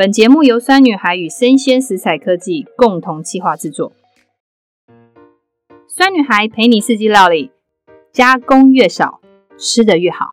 本節目由酸女孩與聲鮮時采科技共同企劃製作。酸女孩陪你四季料理，加工越少，吃得越好。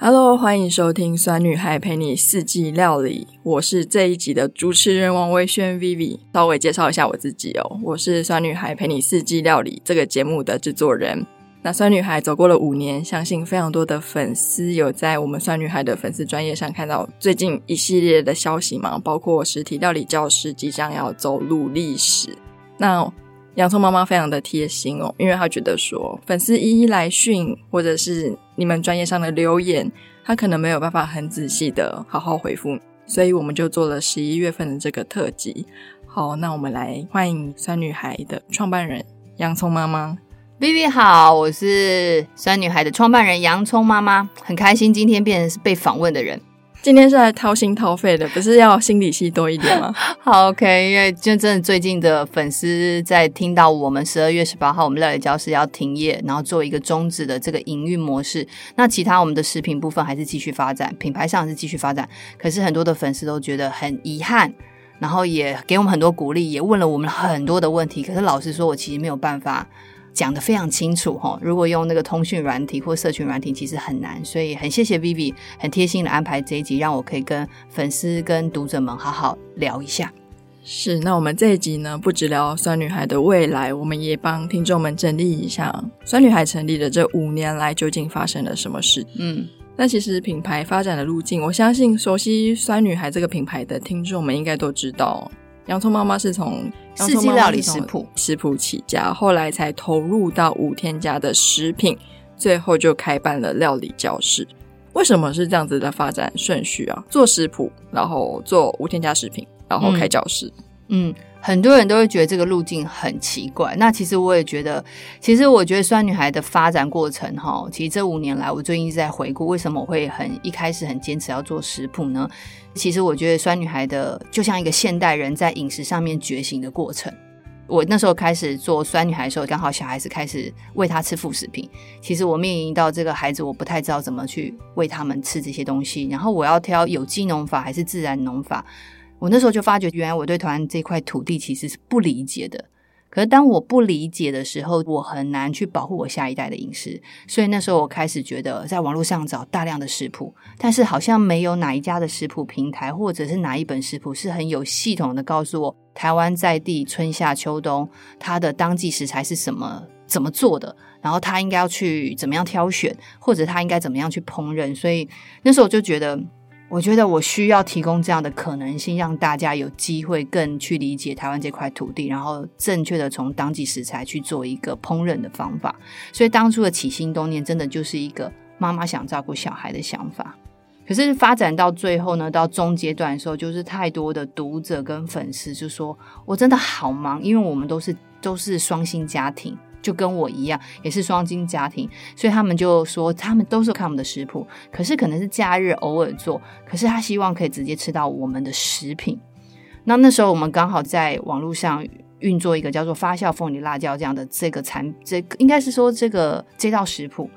Hello，歡迎收聽《酸女孩陪你四季料理》，我是這一集的主持人王威軒 Vivi。稍微介紹一下我自己哦，我是《酸女孩陪你四季料理》這個節目的製作人。那酸女孩走過了五年，相信非常多的粉絲有在我們酸女孩的粉絲專頁上看到最近一系列的消息嘛，包括實體料理教室即將要走入歷史。那洋蔥媽媽非常的貼心哦，因為她覺得說粉絲一一來訊或者是你們專業上的留言，她可能沒有辦法很仔細的好好回覆，所以我們就做了十一月份的這個特輯。好，那我們來歡迎酸女孩的創辦人洋蔥媽媽。Vivi 好，我是酸女孩的創辦人洋蔥媽媽，很開心今天變成是被訪問的人。今天是來掏心掏肺的，不是要心理戲多一點嗎？ 好 OK，因為就真的最近的粉絲在聽到我們十二月十八號，我們料理教室要停業，然後做一個終止的這個營運模式，那其他我們的食品部分還是繼續發展，品牌上還是繼續發展，可是很多的粉絲都覺得很遺憾，然後也給我們很多鼓勵，也問了我們很多的問題，可是老實說，我其實沒有辦法。講得非常清楚哈，如果用那個通訊軟體或社群軟體，其實很難，所以很謝謝 Vivi 很貼心地安排這一集，讓我可以跟粉絲、跟讀者們好好聊一下。是，那我們這一集呢，不只聊酸女孩的未來，我們也幫聽眾們整理一下酸女孩成立的這五年來究竟發生了什麼事。嗯，那其實品牌發展的路徑，我相信熟悉酸女孩這個品牌的聽眾們應該都知道。洋蔥媽媽是從四季料理食譜食譜起家，後來才投入到無添加的食品，最後就開辦了料理教室。為什麼是這樣子的發展順序啊？做食譜，然後做無添加食品，然後開教室。嗯。嗯很多人都會覺得這個路徑很奇怪，那其實我也覺得，其實我覺得酸女孩的發展過程哈，其實這五年來，我最近一直在回顧，為什麼我會很一開始很堅持要做食譜呢？其實我覺得酸女孩的就像一個現代人在飲食上面覺醒的過程。我那時候開始做酸女孩的時候，剛好小孩子開始餵他吃副食品，其實我面臨到這個孩子，我不太知道怎麼去餵他們吃這些東西，然後我要挑有機農法還是自然農法。我那時候就發覺，原來我對台灣這塊土地其實是不理解的。可是當我不理解的時候，我很難去保護我下一代的飲食。所以那時候我開始覺得，在網絡上找大量的食譜，但是好像沒有哪一家的食譜平台，或者是哪一本食譜是很有系統的告訴我，台灣在地春夏秋冬它的當季食材是什麼、怎麼做的，然後他應該要去怎麼樣挑選，或者他應該怎麼樣去烹飪。所以那時候我就覺得。我覺得我需要提供這樣的可能性，讓大家有機會更去理解台灣這塊土地，然後正確地從當季食材去做一個烹飪的方法。所以當初的起心動念，真的就是一個媽媽想照顧小孩的想法。可是發展到最後呢，到中階段的時候，就是太多的讀者跟粉絲就說我真的好忙，因為我們都是都是雙薪家庭。就跟我一樣，也是雙薪家庭，所以他們就說他們都是看我們的食譜，可是可能是假日偶爾做，可是他希望可以直接吃到我們的食品。那那時候我們剛好在網絡上運作一個叫做發酵鳳梨辣椒醬這樣的這個產，這應該是說這個這道食譜，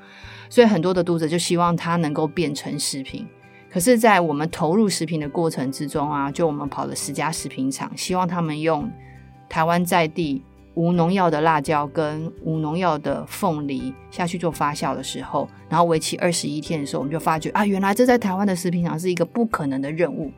所以很多的讀者就希望它能夠變成食品。可是，在我們投入食品的過程之中啊，就我們跑了十家食品廠，希望他們用台灣在地。無農藥的辣椒跟無農藥的鳳梨下去做發酵的時候，然後為期二十一天的時候，我們就發覺啊，原來這在台灣的食品廠是一個不可能的任務。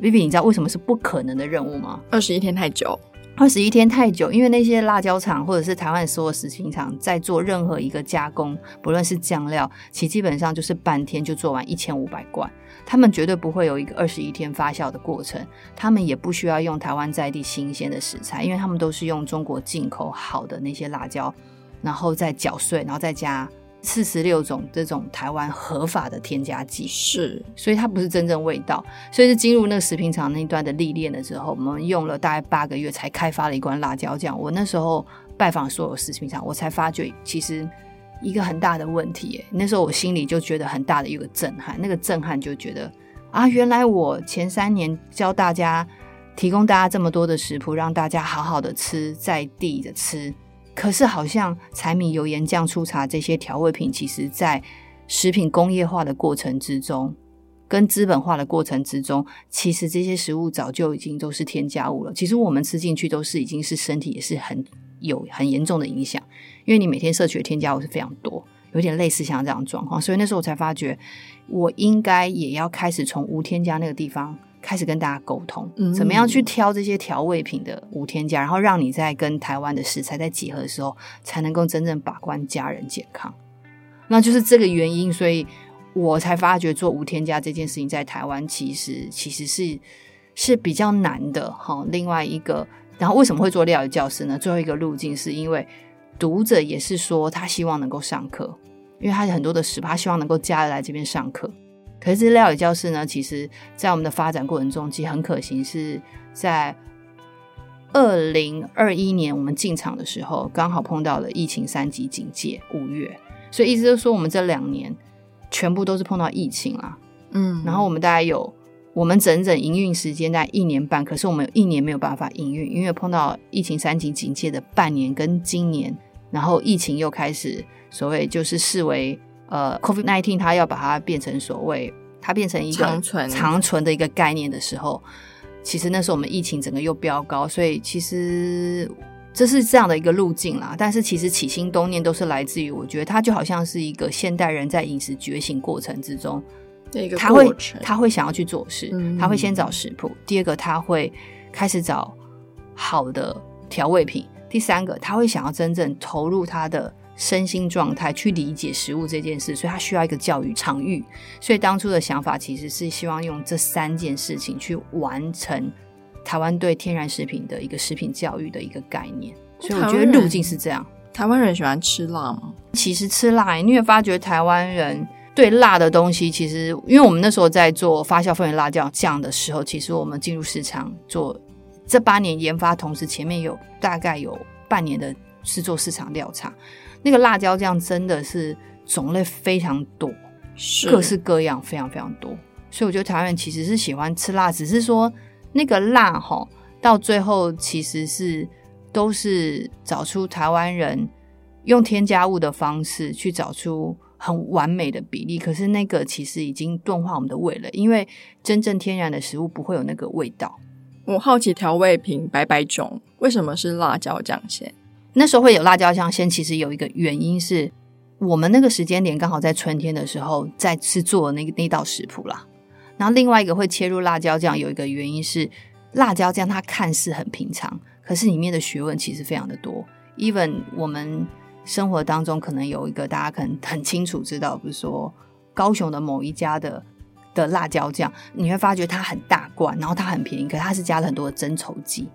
Vivi，你知道為什麼是不可能的任務嗎？二十一天太久。二十一天太久，因為那些辣椒廠或者是台灣所有食品廠在做任何一個加工，不論是醬料，其基本上就是半天就做完一千五百罐，他們絕對不會有一個二十一天發酵的過程，他們也不需要用台灣在地新鮮的食材，因為他們都是用中國進口好的那些辣椒，然後再攪碎，然後再加。四十六種這種台灣合法的添加劑，是，所以它不是真正味道。所以是進入那個食品廠那一段的歷練的時候，我們用了大概八個月才開發了一罐辣椒醬。我那時候拜訪所有食品廠，我才發覺其實一個很大的問題，欸。那時候我心裡就覺得很大的一個震撼，那個震撼就覺得啊，原來我前三年教大家提供大家這麼多的食譜，讓大家好好的吃，在地的吃。可是，好像柴米油鹽醬醋茶這些調味品，其實，在食品工業化的過程之中，跟資本化的過程之中，其實這些食物早就已經都是添加物了。其實我們吃進去都是已經是身體也是很有很嚴重的影響，因為你每天攝取的添加物是非常多，有點類似像這樣狀況。所以那時候我才發覺，我應該也要開始從無添加那個地方，開始跟大家溝通，怎麼樣去挑這些調味品的無添加，嗯、然後讓你在跟台灣的食材在結合的時候，才能夠真正把關家人健康。那就是這個原因，所以我才發覺做無添加這件事情在台灣其實其實是是比較難的。哈，另外一個，然後為什麼會做料理教室呢？最後一個路徑是因為讀者也是說他希望能夠上課，因為他有很多的食，他希望能夠家人來這邊上課。可是料理教室呢，其實在我們的發展過程中，其實很可行。是在二零二一年我們進場的時候，剛好碰到了疫情三級警戒，五月，所以一直都說，我們這兩年全部都是碰到疫情啦。嗯，然後我們大概有我們整整營運時間大概一年半，可是我們有一年沒有辦法營運，因為碰到疫情三級警戒的半年跟今年，然後疫情又開始，所謂就是視為。呃 COVID-19 他要把它變成所謂，它變成一個長存的一個概念的時候，其實那時候我們疫情整個又飆高，所以其實這是這樣的一個路徑啦。但是其實起心動念都是來自於，我覺得它就好像是一個現代人在飲食覺醒過程之中，那個他會，他會想要去做事，嗯、他會先找食譜，第二個他會開始找好的調味品，第三個他會想要真正投入他的。身心狀態去理解食物這件事，所以他需要一個教育場域。所以當初的想法其實是希望用這三件事情去完成台灣對天然食品的一個食品教育的一個概念。所以我覺得路徑是這樣。台灣人，台灣人喜歡吃辣嗎？其實吃辣，欸，你也發覺台灣人對辣的東西，其實因為我們那時候在做發酵風味辣椒醬的時候，其實我們進入市場做這八年研發，同時前面有大概有半年的是做市場調查。那個辣椒醬真的是種類非常多，是各式各樣，非常非常多。所以我覺得台灣人其實是喜歡吃辣，只是說那個辣吼，到最後其實是都是找出台灣人用添加物的方式去找出很完美的比例。可是那個其實已經鈍化我們的味了，因為真正天然的食物不會有那個味道。我好奇調味品百百種，為什麼是辣椒醬先？那時候會有辣椒醬先，其實有一個原因是我們那個時間點剛好在春天的時候在吃做的那那道食譜啦。然後另外一個會切入辣椒醬，有一個原因是辣椒醬它看似很平常，可是裡面的學問其實非常的多。Even 我們生活當中可能有一個大家可能很清楚知道，比如說高雄的某一家的的辣椒醬，你會發覺它很大罐，然後它很便宜，可是它是加了很多的增稠劑。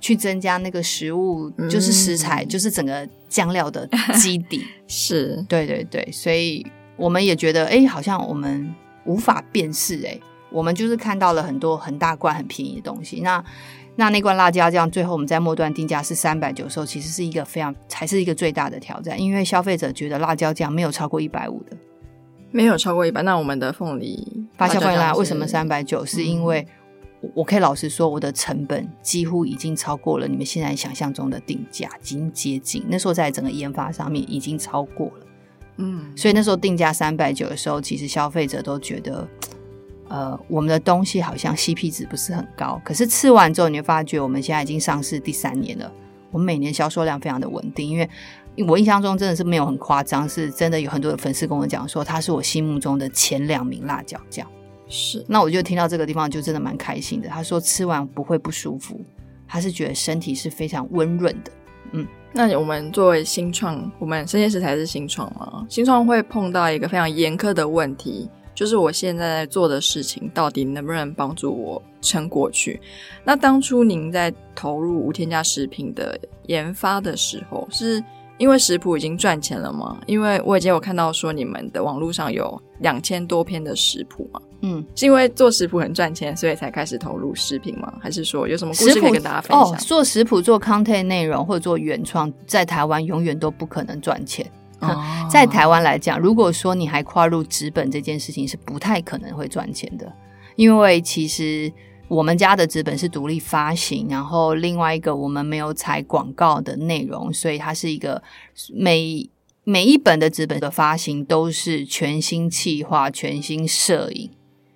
去增加那個食物，嗯、就是食材，嗯、就是整個醬料的基底。 是對對對，所以我們也覺得，哎，好像我們無法辨識，欸，哎，我們就是看到了很多很大罐很便宜的東西。那那那罐辣椒醬，最後我們在末端定價是三百九的時候，其實是一個非常才是一個最大的挑戰，因為消費者覺得辣椒醬沒有超過一百五的，沒有超過一百。那我們的鳳梨發酵回辣來為什麼三百九？是因為。我可以老實說，我的成本幾乎已經超過了你們現在想象中的定價，已經接近。那時候在整個研發上面已經超過了，嗯，所以那時候定價三百九的時候，其實消費者都覺得，呃，我們的東西好像 CP 值不是很高。可是吃完之後，你就發覺我們現在已經上市第三年了，我們每年銷售量非常的穩定。因為，我印象中真的是沒有很誇張，是真的有很多的粉絲跟我講說，他是我心目中的前兩名辣椒醬。是，那我就聽到這個地方就真的蠻開心的。他說吃完不會不舒服，他是覺得身體是非常溫潤的。嗯，那我們作為新創，我們聲鮮時采是新創嗎？新創會碰到一個非常嚴苛的問題，就是我現在在做的事情到底能不能幫助我撐過去？那當初您在投入無添加食品的研發的時候是？因為食譜已經賺錢了嗎？因為我已經有看到說你們的網絡上有兩千多篇的食譜嘛，嗯，是因為做食譜很賺錢，所以才開始投入食品嗎？還是說有什麼故事可以跟大家分享？哦，做食譜、做 content 內容或者做原創，在台灣永遠都不可能賺錢。嗯哦、在台灣來講，如果說你還跨入紙本這件事情，是不太可能會賺錢的，因為其實。我們家的紙本是獨立發行，然後另外一個我們沒有採廣告的內容，所以它是一個每每一本的紙本的發行都是全新企劃、全新攝影。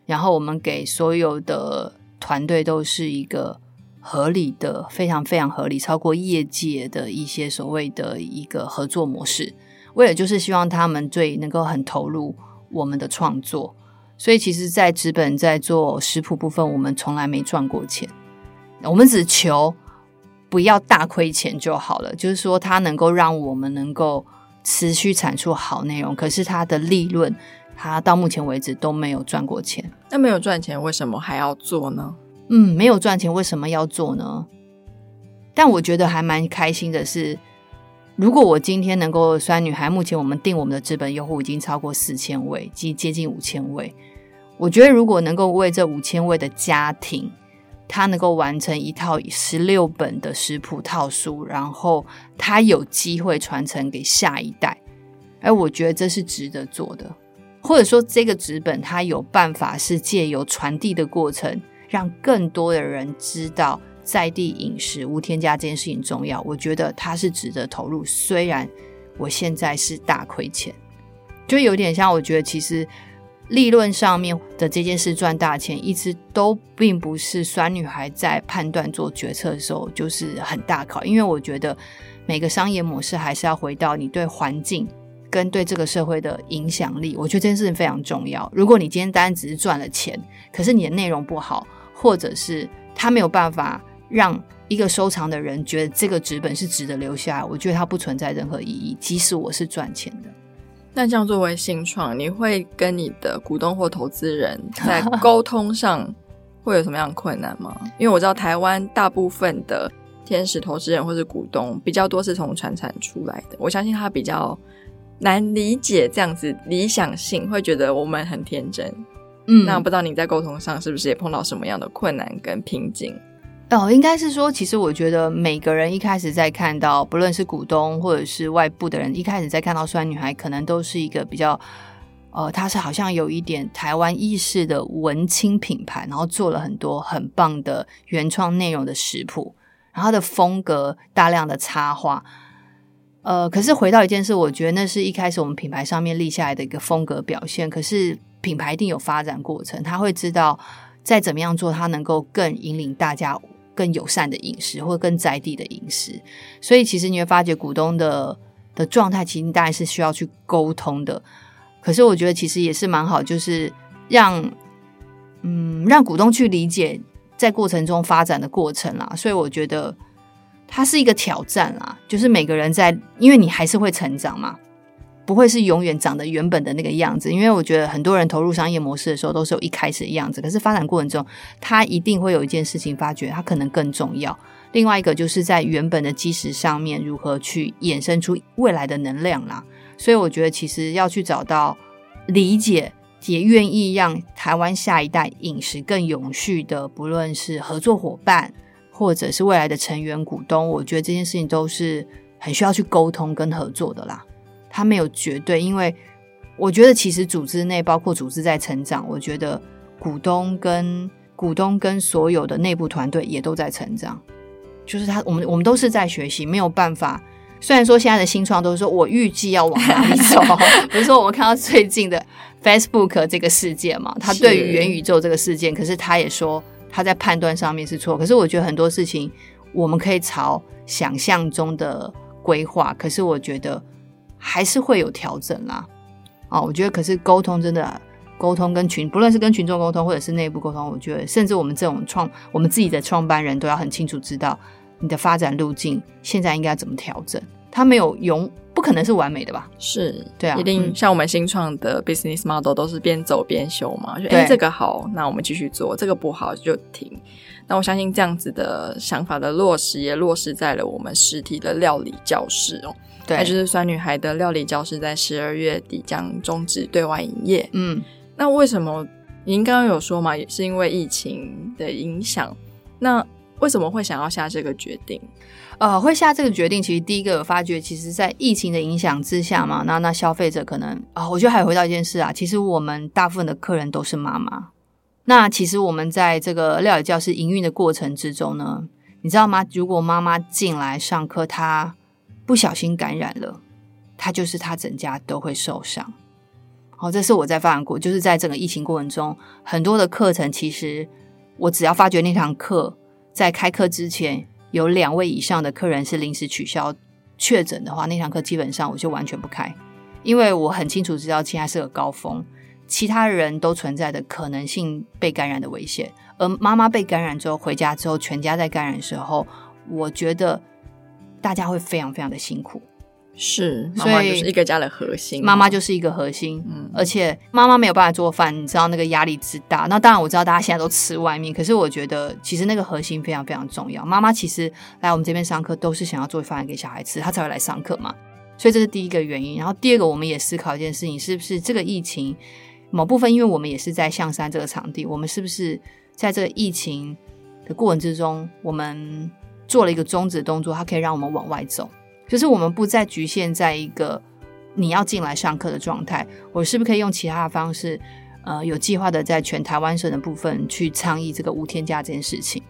然後我們給所有的團隊都是一個合理的，非常非常合理，超過業界的一些所謂的一個合作模式，為了就是希望他們最能夠很投入我們的創作。所以，其實，在紙本在做食譜部分，我們從來沒賺過錢。我們只求不要大虧錢就好了。就是說，它能夠讓我們能夠持續產出好內容。可是，它的利潤，它到目前為止都沒有賺過錢。那沒有賺錢，為什麼還要做呢？嗯，沒有賺錢，為什麼要做呢？但我覺得還蠻開心的是。如果我今天能夠，酸女孩目前我們訂，我們的紙本用戶已經超過四千位，即接近五千位。我覺得如果能夠為這五千位的家庭，他能夠完成一套十六本的食譜套書，然後他有機會傳承給下一代，哎，我覺得這是值得做的。或者說，這個紙本它有辦法是借由傳遞的過程，讓更多的人知道。在地飲食無添加這件事情重要，我覺得它是值得投入。雖然我現在是大虧錢，就有點像我覺得其實利潤上面的這件事賺大錢，一直都並不是酸女孩在判斷做決策的時候就是很大考。因為我覺得每個商業模式還是要回到你對環境跟對這個社會的影響力，我覺得這件事情非常重要。如果你今天單只是賺了錢，可是你的內容不好，或者是它沒有辦法。讓一個收藏的人覺得這個紙本是值得留下來，我覺得它不存在任何意義。即使我是賺錢的，那這樣作為新創，你會跟你的股東或投資人在溝通上會有什麼樣的困難嗎？ 因為我知道台灣大部分的天使投資人或是股東比較多是從傳產出來的，我相信他比較難理解這樣子理想性，會覺得我們很天真。嗯，那我不知道你在溝通上是不是也碰到什麼樣的困難跟瓶頸？哦，應該是說，其實我覺得每個人一開始在看到，不論是股東或者是外部的人，一開始在看到“酸女孩”，可能都是一個比較，呃，她是好像有一點台灣意識的文青品牌，然後做了很多很棒的原創內容的食譜，然後它的風格大量的插畫，呃，可是回到一件事，我覺得那是一開始我們品牌上面立下來的一個風格表現。可是品牌一定有發展過程，他會知道再怎麼樣做，他能夠更引領大家。更友善的飲食，或更在地的飲食，所以其實你會發覺股東的的狀態，其實你當然是需要去溝通的。可是我覺得其實也是蠻好，就是讓嗯讓股東去理解在過程中發展的過程啦。所以我覺得它是一個挑戰啦，就是每個人在因為你還是會成長嘛。不會是永遠長得原本的那個樣子，因為我覺得很多人投入商業模式的時候都是有一開始的樣子，可是發展過程中，他一定會有一件事情發覺，它可能更重要。另外一個就是在原本的基石上面如何去衍生出未來的能量啦，所以我覺得其實要去找到理解，也願意讓台灣下一代飲食更永續的，不論是合作夥伴或者是未來的成員股東，我覺得這件事情都是很需要去溝通跟合作的啦。他沒有絕對，因為我覺得其實組織內，包括組織在成長，我覺得股東跟股東跟所有的內部團隊也都在成長。就是他，我們我們都是在學習，沒有辦法。雖然說現在的新創都是說我預計要往哪裡走， 比如說我們看到最近的 Facebook 這個事件嘛，他對於元宇宙這個事件，是。可是他也說他在判斷上面是錯。可是我覺得很多事情我們可以朝想象中的規劃，可是我覺得。還是會有調整啦，哦，我覺得可是溝通真的溝通跟群，不論是跟群眾溝通或者是內部溝通，我覺得甚至我們這種創，我們自己的創辦人都要很清楚知道你的發展路徑現在應該怎麼調整。它沒有用，不可能是完美的吧？是對啊，一定像我們新創的 business model 都是邊走邊修嘛。就，哎對，這個好，那我們繼續做；這個不好就停。那我相信這樣子的想法的落實也落實在了我們實體的料理教室哦，對，那就是酸女孩的料理教室在十二月底將終止對外營業。嗯，那為什麼您剛剛有說嘛，也是因為疫情的影響？那為什麼會想要下這個決定？呃，會下這個決定，其實第一個發覺，其實在疫情的影響之下嘛，嗯、那那消費者可能啊、呃，我覺得還回到一件事啊，其實我們大部分的客人都是媽媽。那其實我們在這個料理教室營運的過程之中呢，你知道嗎？如果媽媽進來上課，她不小心感染了，她就是她整家都會受傷。好，這是我在發展過，就是在整個疫情過程中，很多的課程其實我只要發覺那堂課在開課之前有兩位以上的客人是臨時取消確診的話，那堂課基本上我就完全不開，因為我很清楚知道現在是個高峰。其他人都存在的可能性被感染的危險，而媽媽被感染之後回家之後全家在感染的時候，我覺得大家會非常非常的辛苦。是，所以媽媽就是一個家的核心，媽媽就是一個核心。嗯，而且媽媽沒有辦法做飯，你知道那個壓力之大。那當然我知道大家現在都吃外面，可是我覺得其實那個核心非常非常重要。媽媽其實來我們這邊上課都是想要做飯給小孩吃，她才會來上課嘛。所以這是第一個原因。然後第二個，我們也思考一件事情，是不是這個疫情。某部分，因為我們也是在象山這個場地，我們是不是在這個疫情的過程之中，我們做了一個終止動作，它可以讓我們往外走，就是我們不再局限在一個你要進來上課的狀態。我是不是可以用其他的方式，呃，有計劃的在全台灣省的部分去倡議這個無添加這件事情，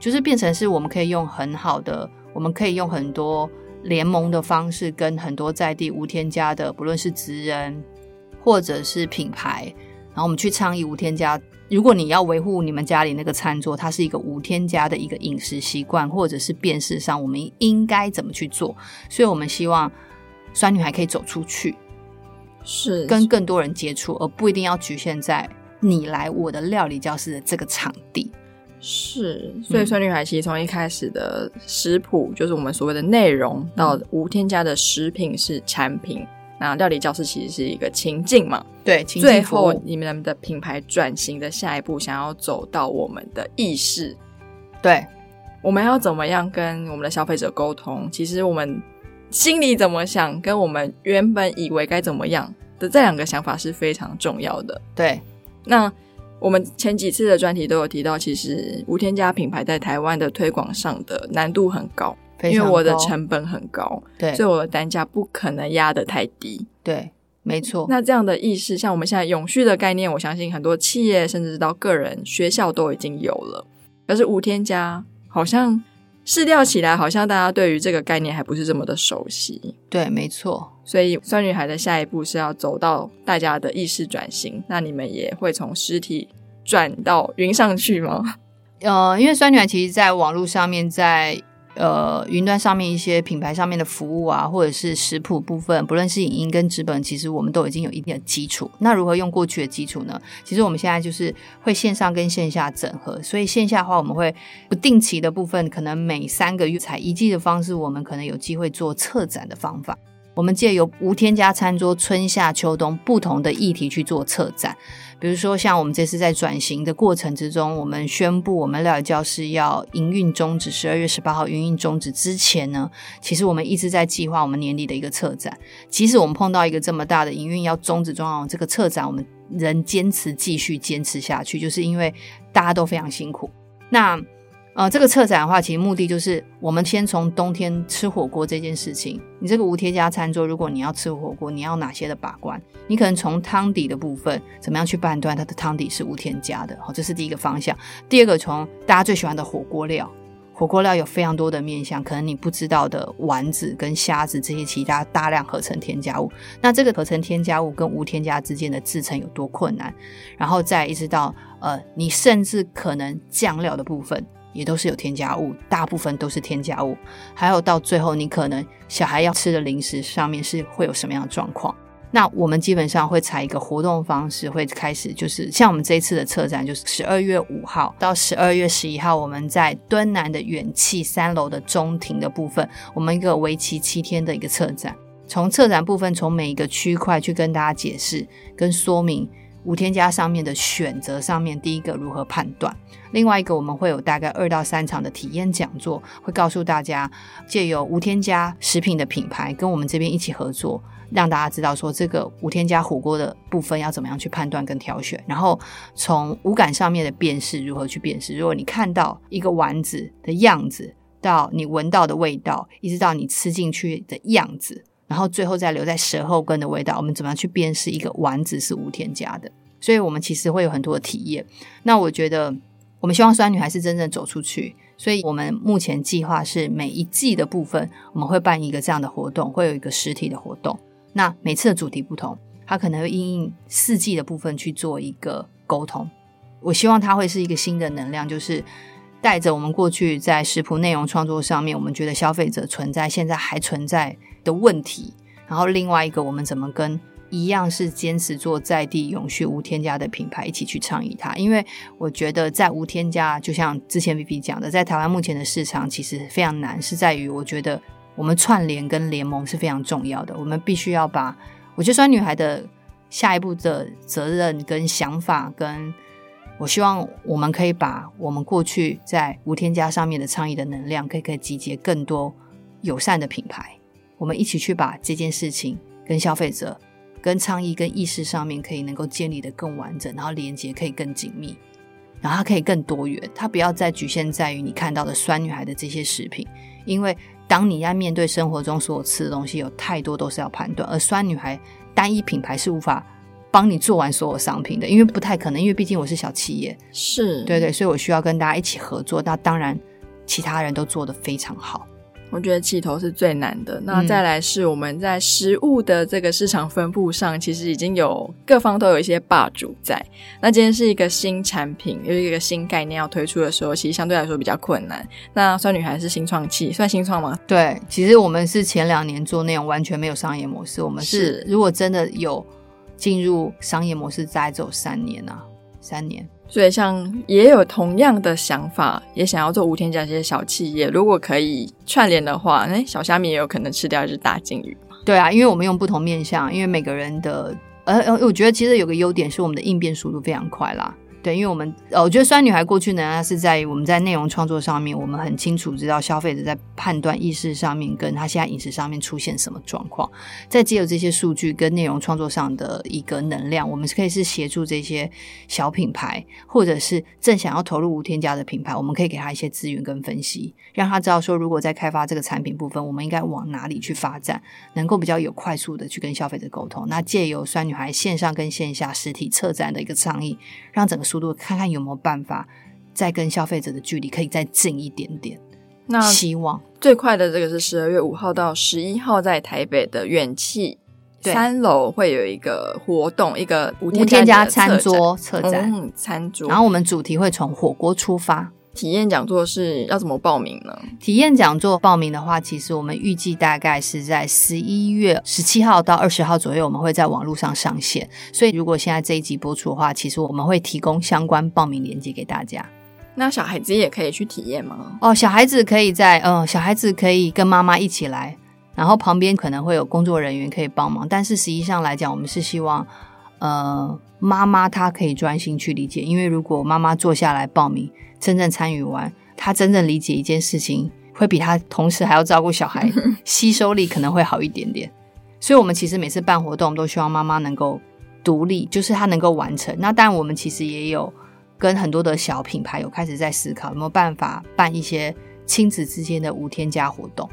就是變成是我們可以用很好的，我們可以用很多聯盟的方式，跟很多在地無添加的，不論是職人。或者是品牌，然後我們去倡議無添加。如果你要維護你們家裡那個餐桌，它是一個無添加的一個飲食習慣，或者是辨識上，我們應該怎麼去做？所以，我們希望酸女孩可以走出去，是跟更多人接觸，而不一定要局限在你來我的料理教室的這個場地。是，所以酸女孩其實從一開始的食譜，嗯、就是我們所謂的內容，到無添加的食品是產品。然後料理教室其實是一個情境嘛，對。情境，最後你們的品牌轉型的下一步，想要走到我們的意識，對，我們要怎麼樣跟我們的消費者溝通？其實我們心裡怎麼想，跟我們原本以為該怎麼樣的這兩個想法是非常重要的。對，那我們前幾次的專題都有提到，其實無添加品牌在台灣的推廣上的難度很高。因為我的成本很高，對，所以我的單價不可能壓得太低。對，沒錯。那這樣的意識，像我們現在永續的概念，我相信很多企業甚至到個人、學校都已經有了。但是無添加，好像試掉起來，好像大家對於這個概念還不是這麼的熟悉。對，沒錯。所以酸女孩的下一步是要走到大家的意識轉型。那你們也會從實體轉到雲上去嗎？呃，因為酸女孩其實，在網絡上面在，在呃，雲端上面一些品牌上面的服務啊，或者是食譜部分，不論是影音跟紙本，其實我們都已經有一定的基礎。那如何用過去的基礎呢？其實我們現在就是會線上跟線下整合，所以線下的話，我們會不定期的部分，可能每三個月才一季的方式，我們可能有機會做策展的方法。我們借由無添加餐桌，春夏秋冬不同的議題去做策展，比如說像我們這次在轉型的過程之中，我們宣布我們料理教室要營運終止，十二月十八號營運終止之前呢，其實我們一直在計劃我們年底的一個策展。即使我們碰到一個這麼大的營運要終止狀況，這個策展，我們仍堅持繼續堅持下去，就是因為大家都非常辛苦。那呃，這個策展的話，其實目的就是，我們先從冬天吃火鍋這件事情，你這個無添加餐桌，如果你要吃火鍋，你要哪些的把關？你可能從湯底的部分，怎麼樣去判斷它的湯底是無添加的？好、哦，這是第一個方向。第二個，從大家最喜歡的火鍋料，火鍋料有非常多的面向，可能你不知道的丸子跟蝦子這些其他大量合成添加物，那這個合成添加物跟無添加之間的製程有多困難？然後再一直到，呃，你甚至可能醬料的部分。也都是有添加物，大部分都是添加物。還有到最後，你可能小孩要吃的零食上面是會有什麼樣的狀況？那我們基本上會採一個活動方式，會開始就是像我們這一次的策展，就是十二月五號到十二月十一號，我們在敦南的遠企三樓的中庭的部分，我們一個為期七天的一個策展。從策展部分，從每一個區塊去跟大家解釋跟說明。無添加上面的選擇上面，第一個如何判斷？另外一個，我們會有大概二到三場的體驗講座，會告訴大家借由無添加食品的品牌跟我們這邊一起合作，讓大家知道說這個無添加火鍋的部分要怎麼樣去判斷跟挑選。然後從五感上面的辨識如何去辨識？如果你看到一個丸子的樣子，到你聞到的味道，一直到你吃進去的樣子。然後最後再留在舌後根的味道，我們怎麼樣去辨識一個丸子是無添加的？所以，我們其實會有很多的體驗。那我覺得，我們希望酸女孩是真正走出去。所以我們目前計劃是每一季的部分，我們會辦一個這樣的活動，會有一個實體的活動。那每次的主題不同，它可能會因應四季的部分去做一個溝通。我希望它會是一個新的能量，就是帶着我們過去在食譜內容創作上面，我們覺得消費者存在，現在還存在。的問題，然後另外一個，我們怎麼跟一樣是堅持做在地永續無添加的品牌一起去倡議它？因為我覺得在無添加，就像之前 B B 講的，在台灣目前的市場其實非常難，是在於我覺得我們串聯跟聯盟是非常重要的。我們必須要把我覺得酸女孩的下一步的責任跟想法，跟我希望我們可以把我們過去在無添加上面的倡議的能量，可以可以集結更多友善的品牌。我們一起去把這件事情跟消費者、跟倡議、跟意識上面可以能夠建立得更完整，然後連接可以更緊密，然後它可以更多元，它不要再局限在於你看到的酸女孩的這些食品，因為當你在面對生活中所有吃的東西，有太多都是要判斷，而酸女孩單一品牌是無法幫你做完所有商品的，因為不太可能，因為畢竟我是小企業，是對對，所以我需要跟大家一起合作。那當然，其他人都做得非常好。我覺得起頭是最難的，那再來是我們在食物的這個市場分布上，其實已經有各方都有一些霸主在。那今天是一個新產品，又一個新概念要推出的時候，其實相對來說比較困難。那酸女孩是新創期，算新創嗎？對，其實我們是前兩年做那種完全沒有商業模式。我們是，是如果真的有進入商業模式，再走三年啊，三年。所以，像也有同樣的想法，也想要做無添加這些小企業。如果可以串聯的話，哎，小蝦米也有可能吃掉一隻大鯨魚。對啊，因為我們用不同面向，因為每個人的呃，呃，我覺得其實有個優點是我們的應變速度非常快啦。對，因為我們呃、哦，我覺得酸女孩過去能量是在於我們在內容創作上面，我們很清楚知道消費者在判斷意識上面，跟他現在飲食上面出現什麼狀況。在借由這些數據跟內容創作上的一個能量，我們可以是協助這些小品牌，或者是正想要投入無添加的品牌，我們可以給他一些資源跟分析，讓他知道說，如果在開發這個產品部分，我們應該往哪裡去發展，能夠比較有快速的去跟消費者溝通。那借由酸女孩線上跟線下實體策展的一個倡議，讓整個。速度看看有沒有辦法再跟消費者的距離可以再近一點點那。那希望最快的這個是十二月五號到十一號，在台北的遠企三樓會有一個活動，一個無添加，無添加餐桌策展，嗯嗯，餐桌。然後我們主題會從火鍋出發。體驗講座是要怎麼報名呢？體驗講座報名的話，其實我們預計大概是在十一月十七號到二十號左右，我們會在網絡上上線。所以如果現在這一集播出的話，其實我們會提供相關報名鏈接給大家。那小孩子也可以去體驗嗎？哦，小孩子可以在，嗯，小孩子可以跟媽媽一起來，然後旁邊可能會有工作人員可以幫忙。但是實際上來講，我們是希望，呃。媽媽她可以專心去理解，因為如果媽媽坐下來報名，真正參與完，她真正理解一件事情，會比她同時還要照顧小孩，吸收力可能會好一點點。所以我們其實每次辦活動，都希望媽媽能夠獨立，就是她能夠完成。那但我們其實也有跟很多的小品牌有開始在思考，有沒有辦法辦一些親子之間的無添加活動。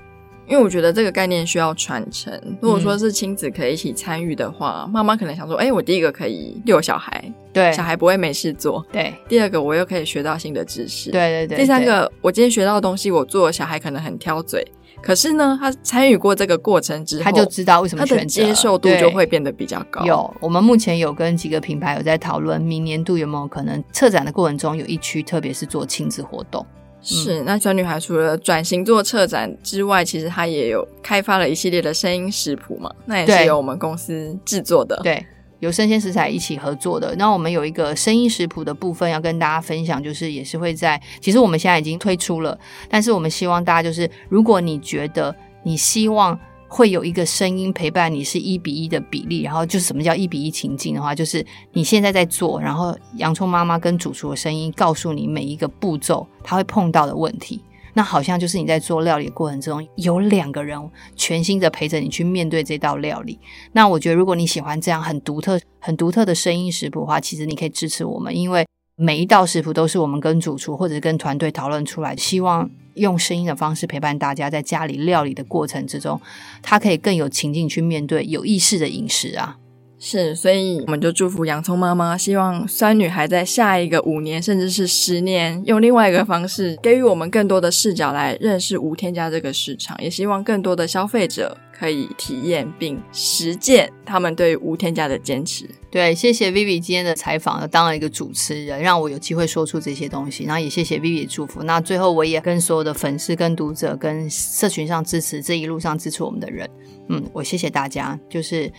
因為我覺得這個概念需要傳承。如果說是親子可以一起參與的話，嗯、媽媽可能想說：哎、欸，我第一個可以遛小孩，對，小孩不會沒事做，對；第二個我又可以學到新的知識，對對對，對；第三個對我今天學到的東西，我做的小孩可能很挑嘴，可是呢，他參與過這個過程之後，他就知道為什麼選擇他的接受度對就會變得比較高。有，我們目前有跟幾個品牌有在討論，明年度有沒有可能策展的過程中有一區，特別是做親子活動。是，那酸女孩除了轉型做策展之外，其實她也有開發了一系列的聲音食譜嘛，那也是由我們公司制作的。對，對，有聲鮮時采一起合作的。那我們有一個聲音食譜的部分要跟大家分享，就是也是會在，其實我們現在已經推出了，但是我們希望大家就是，如果你覺得，你希望。會有一個聲音陪伴你，是一比一的比例。然後就什麼叫一比一情境，的話，就是你現在在做，然後洋蔥媽媽跟主廚的聲音告訴你每一個步驟，他會碰到的問題。那好像就是你在做料理過程中，有兩個人全心的陪着你去面對這道料理。那我覺得，如果你喜歡這樣很獨特、很獨特的聲音食譜的話，其實你可以支持我們，因為。每一道食譜都是我們跟主廚或者跟團隊討論出來，希望用聲音的方式陪伴大家在家裡料理的過程之中，他可以更有情境去面對有意識的飲食啊。是，所以我們就祝福洋蔥媽媽，希望酸女孩在下一個五年，甚至是十年，用另外一個方式給予我們更多的視角來認識無添加這個市場。也希望更多的消費者可以體驗並實踐他們對無添加的堅持。對，謝謝 Vivi 今天的採訪，當了一個主持人，讓我有機會說出這些東西。然後也謝謝 Vivi 的祝福。那最後，我也跟所有的粉絲、跟讀者、跟社群上支持這一路上支持我們的人，嗯，我謝謝大家，就是。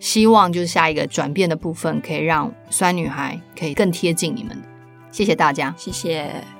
希望就是下一個轉變的部分，可以讓酸女孩可以更貼近你們。謝謝大家，謝謝。